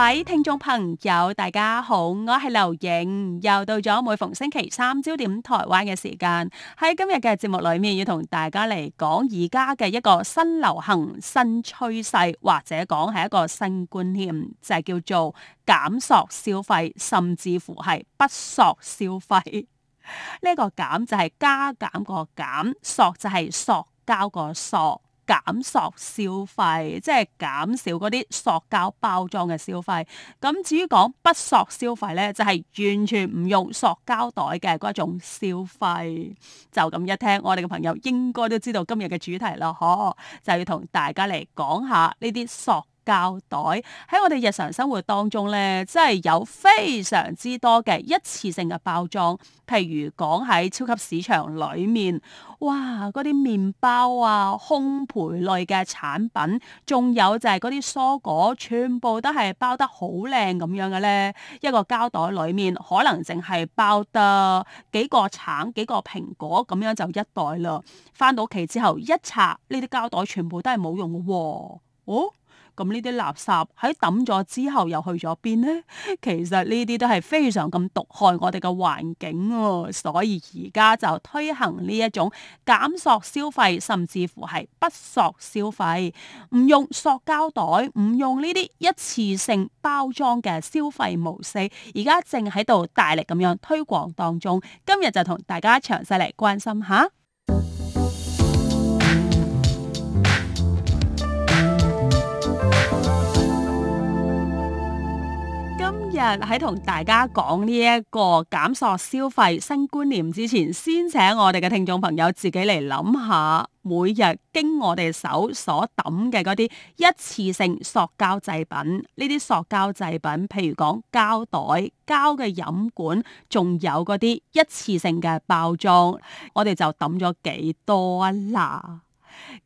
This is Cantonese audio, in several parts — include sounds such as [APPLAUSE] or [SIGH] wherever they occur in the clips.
各位聽眾朋友，大家好，我係劉瑩，又到咗每逢星期三焦點台灣嘅時間。喺今日嘅節目裏面，要同大家嚟講而家嘅一個新流行、新趨勢，或者講係一個新觀念，就係、是、叫做減塑消費，甚至乎係不塑消費。呢、這個減就係加減個減，塑就係塑膠個塑。減塑消費，即係減少嗰啲塑膠包裝嘅消費。咁至於講不塑消費呢，就係完全唔用塑膠袋嘅嗰一種消費。就咁一聽，我哋嘅朋友應該都知道今日嘅主題咯，嗬，就要同大家嚟講下呢啲塑。膠袋喺我哋日常生活當中呢，真係有非常之多嘅一次性嘅包裝，譬如講喺超級市場裏面，哇，嗰啲麵包啊、烘焙類嘅產品，仲有就係嗰啲蔬果，全部都係包得好靚咁樣嘅呢。一個膠袋裏面，可能淨係包得幾個橙、幾個蘋果咁樣就一袋啦。翻到屋企之後一拆，呢啲膠袋全部都係冇用嘅喎，哦，哦。咁呢啲垃圾喺抌咗之後又去咗邊呢？其實呢啲都係非常咁毒害我哋嘅環境啊、哦！所以而家就推行呢一種減塑消費，甚至乎係不塑消費，唔用塑膠袋，唔用呢啲一次性包裝嘅消費模式。而家正喺度大力咁樣推廣當中。今日就同大家詳細嚟關心下。喺同、啊、大家講呢一個減塑消費新觀念之前，先請我哋嘅聽眾朋友自己嚟諗下，每日經我哋手所抌嘅嗰啲一次性塑膠製品，呢啲塑膠製品，譬如講膠袋、膠嘅飲管，仲有嗰啲一次性嘅包裝，我哋就抌咗幾多啦。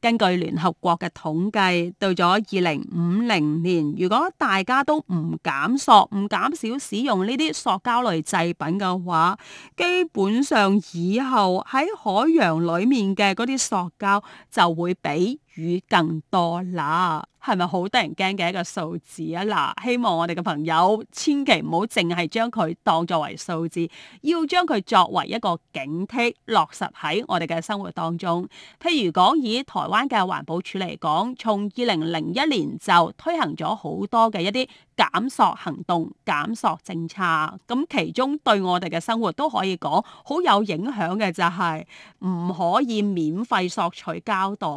根據聯合國嘅統計，到咗二零五零年，如果大家都唔減塑、唔減少使用呢啲塑膠類製品嘅話，基本上以後喺海洋裏面嘅嗰啲塑膠就會畀。魚更多啦，係咪好得人驚嘅一個數字啊？嗱，希望我哋嘅朋友千祈唔好淨係將佢當作為數字，要將佢作為一個警惕，落實喺我哋嘅生活當中。譬如講，以台灣嘅環保署嚟講，從二零零一年就推行咗好多嘅一啲。減塑行動、減塑政策，咁其中對我哋嘅生活都可以講好有影響嘅就係唔可以免費索取膠袋。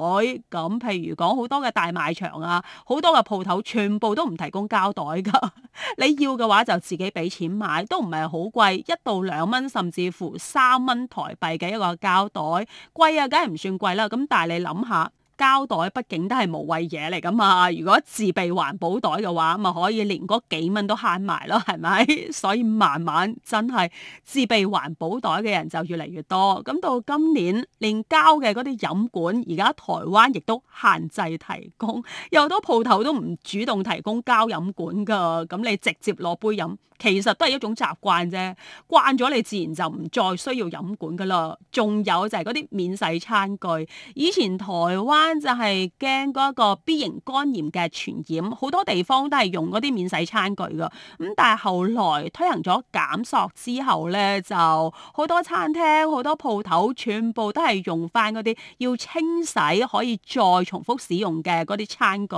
咁譬如講好多嘅大賣場啊，好多嘅鋪頭全部都唔提供膠袋噶。 [LAUGHS] 你要嘅話就自己俾錢買，都唔係好貴，一到兩蚊甚至乎三蚊台幣嘅一個膠袋，貴啊？梗係唔算貴啦。咁但係你諗下。膠袋畢竟都係無謂嘢嚟㗎嘛，如果自備環保袋嘅話，咪可以連嗰幾蚊都慳埋咯，係咪？所以慢慢真係自備環保袋嘅人就越嚟越多。咁到今年連膠嘅嗰啲飲管而家台灣亦都限制提供，有好多鋪頭都唔主動提供膠飲管㗎。咁你直接攞杯飲，其實都係一種習慣啫。慣咗你自然就唔再需要飲管㗎啦。仲有就係嗰啲免洗餐具，以前台灣，就係驚嗰個 B 型肝炎嘅傳染，好多地方都係用嗰啲免洗餐具㗎。咁但係後來推行咗減塑之後呢，就好多餐廳、好多鋪頭全部都係用翻嗰啲要清洗可以再重複使用嘅嗰啲餐具。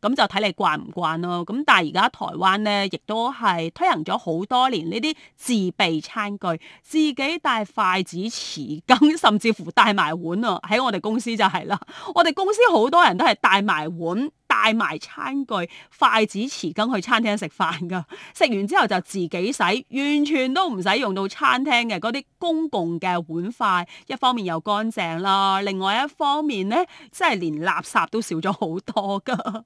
咁就睇你慣唔慣咯。咁但係而家台灣呢，亦都係推行咗好多年呢啲自備餐具，自己帶筷子、匙羹，甚至乎帶埋碗啊。喺我哋公司就係啦，我哋公司好多人都係帶埋碗，帶埋餐具，筷子、匙羹去餐廳食飯噶，食完之後就自己洗，完全都唔使用用到餐廳嘅嗰啲公共嘅碗筷。一方面又乾淨啦，另外一方面呢，真係連垃圾都少咗好多噶。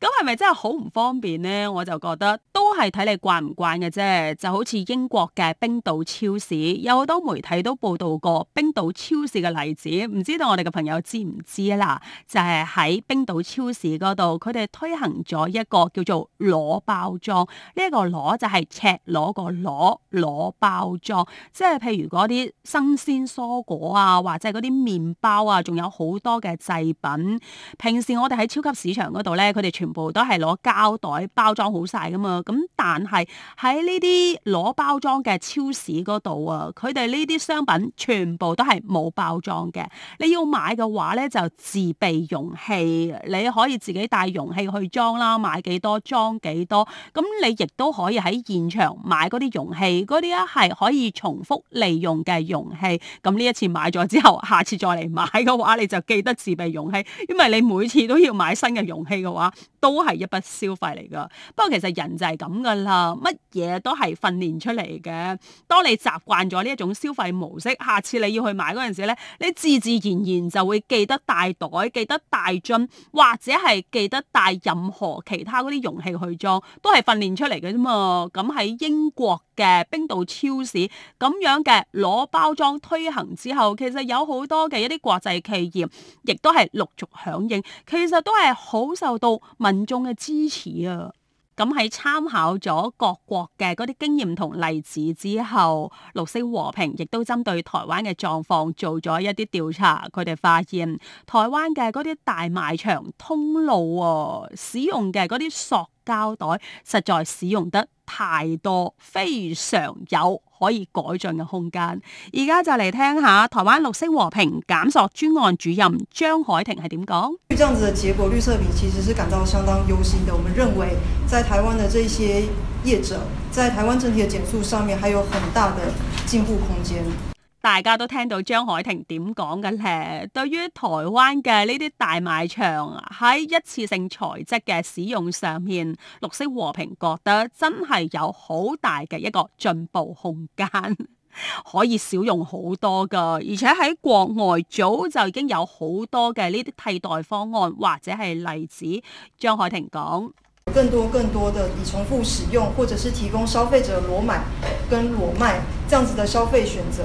咁係咪真係好唔方便呢？我就覺得都係睇你慣唔慣嘅啫，就好似英國嘅冰島超市，有好多媒體都報道過冰島超市嘅例子，唔知道我哋嘅朋友知唔知啦？就係喺冰島超市嗰度，佢哋推行咗一個叫做裸包裝，呢一個裸就係赤裸個裸裸包裝，即係譬如嗰啲新鮮蔬果啊，或者嗰啲麵包啊，仲有好多嘅製品。平時我哋喺超級市場嗰度呢。佢哋全部都係攞膠袋包裝好晒噶嘛，咁但係喺呢啲攞包裝嘅超市嗰度啊，佢哋呢啲商品全部都係冇包裝嘅。你要買嘅話咧，就自備容器，你可以自己帶容器去裝啦，買幾多裝幾多。咁你亦都可以喺現場買嗰啲容器，嗰啲啊係可以重複利用嘅容器。咁呢一次買咗之後，下次再嚟買嘅話，你就記得自備容器，因為你每次都要買新嘅容器嘅話。都係一筆消費嚟噶。不過其實人就係咁噶啦，乜嘢都係訓練出嚟嘅。當你習慣咗呢一種消費模式，下次你要去買嗰陣時呢，你自自然然就會記得帶袋、記得帶樽，或者係記得帶任何其他嗰啲容器去裝，都係訓練出嚟嘅啫嘛。咁喺英國嘅冰島超市咁樣嘅攞包裝推行之後，其實有好多嘅一啲國際企業亦都係陸續響應，其實都係好受到民眾嘅支持啊，咁喺參考咗各國嘅嗰啲經驗同例子之後，綠色和平亦都針對台灣嘅狀況做咗一啲調查。佢哋發現台灣嘅嗰啲大賣場通路喎，啊，使用嘅嗰啲塑膠袋實在使用得太多，非常有可以改進嘅空間，而家就嚟聽下台灣綠色和平減塑專案主任張海婷係點講。對這樣子嘅結果，綠色和平其實是感到相當憂心的。我們認為，在台灣的這些業者，在台灣整體嘅減塑上面，還有很大的進步空間。大家都聽到張海婷點講嘅咧。對於台灣嘅呢啲大賣場喺一次性材質嘅使用上面，綠色和平覺得真係有好大嘅一個進步空間，可以少用好多嘅。而且喺國外早就已經有好多嘅呢啲替代方案或者係例子。張海婷講，更多更多的以重複使用，或者是提供消費者裸買跟裸賣，這樣子嘅消費選擇。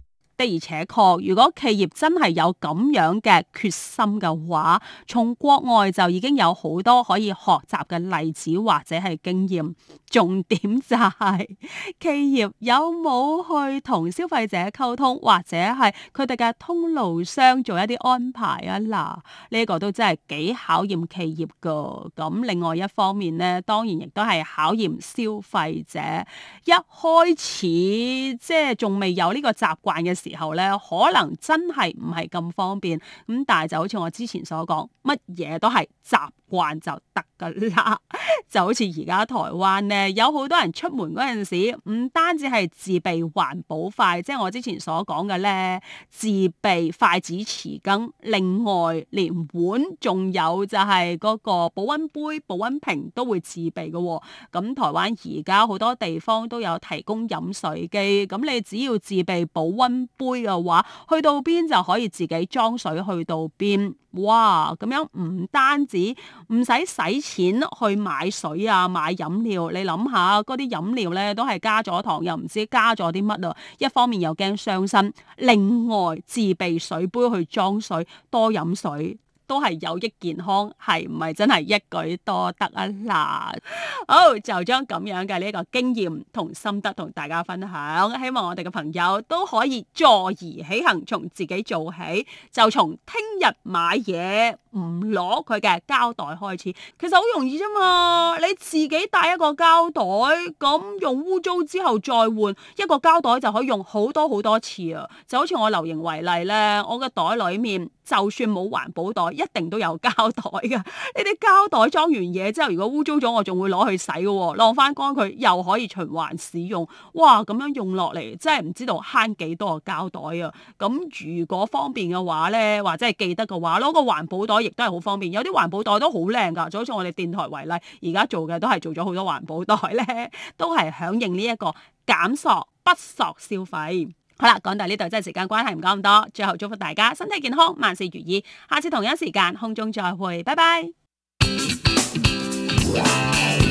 的而且確，如果企業真係有咁樣嘅決心嘅話，從國外就已經有好多可以學習嘅例子或者係經驗，重點就係企業有冇去同消費者溝通，或者係佢哋嘅通路商做一啲安排啊。嗱，呢個都真係幾考驗企業噶。咁另外一方面咧，當然亦都係考驗消費者。一開始即係仲未有呢個習慣嘅時。時候咧，可能真係唔係咁方便咁，但係就好似我之前所講，乜嘢都係習慣就得。個 [LAUGHS] 就好似而家台灣咧，有好多人出門陣時唔單止係自備環保筷，即係我之前所講嘅咧，自備筷子、匙羹，另外連碗，仲有就係個保溫杯、保溫瓶都會自備嘅喎、哦、咁台灣而家好多地方都有提供飲水機，咁你只要自備保溫杯嘅話，去到邊就可以自己裝水去到邊哇！咁樣唔單止唔使洗錢去買水啊，買飲料。你諗下，嗰啲飲料呢，都係加咗糖，又唔知加咗啲乜啊。一方面又驚傷身，另外自備水杯去裝水，多飲水都係有益健康。係唔係真係一舉多得啊？嗱，好，就將咁樣嘅呢一個經驗同心得同大家分享，希望我哋嘅朋友都可以坐而起行，從自己做起，就從聽日買嘢。唔攞佢嘅膠袋開始，其實好容易啫嘛。你自己帶一個膠袋，咁用污糟之後再換一個膠袋，就可以用好多好多次啊！就好似我留形為例咧，我個袋裏面就算冇環保袋，一定都有膠袋嘅。呢啲膠袋裝完嘢之後，如果污糟咗，我仲會攞去洗嘅喎，哦，晾翻乾佢又可以循環使用。哇！咁樣用落嚟真係唔知道慳幾多個膠袋啊！咁如果方便嘅話咧，或者係記得嘅話攞個環保袋。亦都係好方便，有啲環保袋都好靚噶，就好似我哋電台為例，而家做嘅都係做咗好多環保袋咧，都係響應呢一個減塑、不塑消費。好啦，講到呢度，真係時間關係，唔講咁多。最後祝福大家身體健康，萬事如意。下次同一時間空中再會，拜拜。 [MUSIC]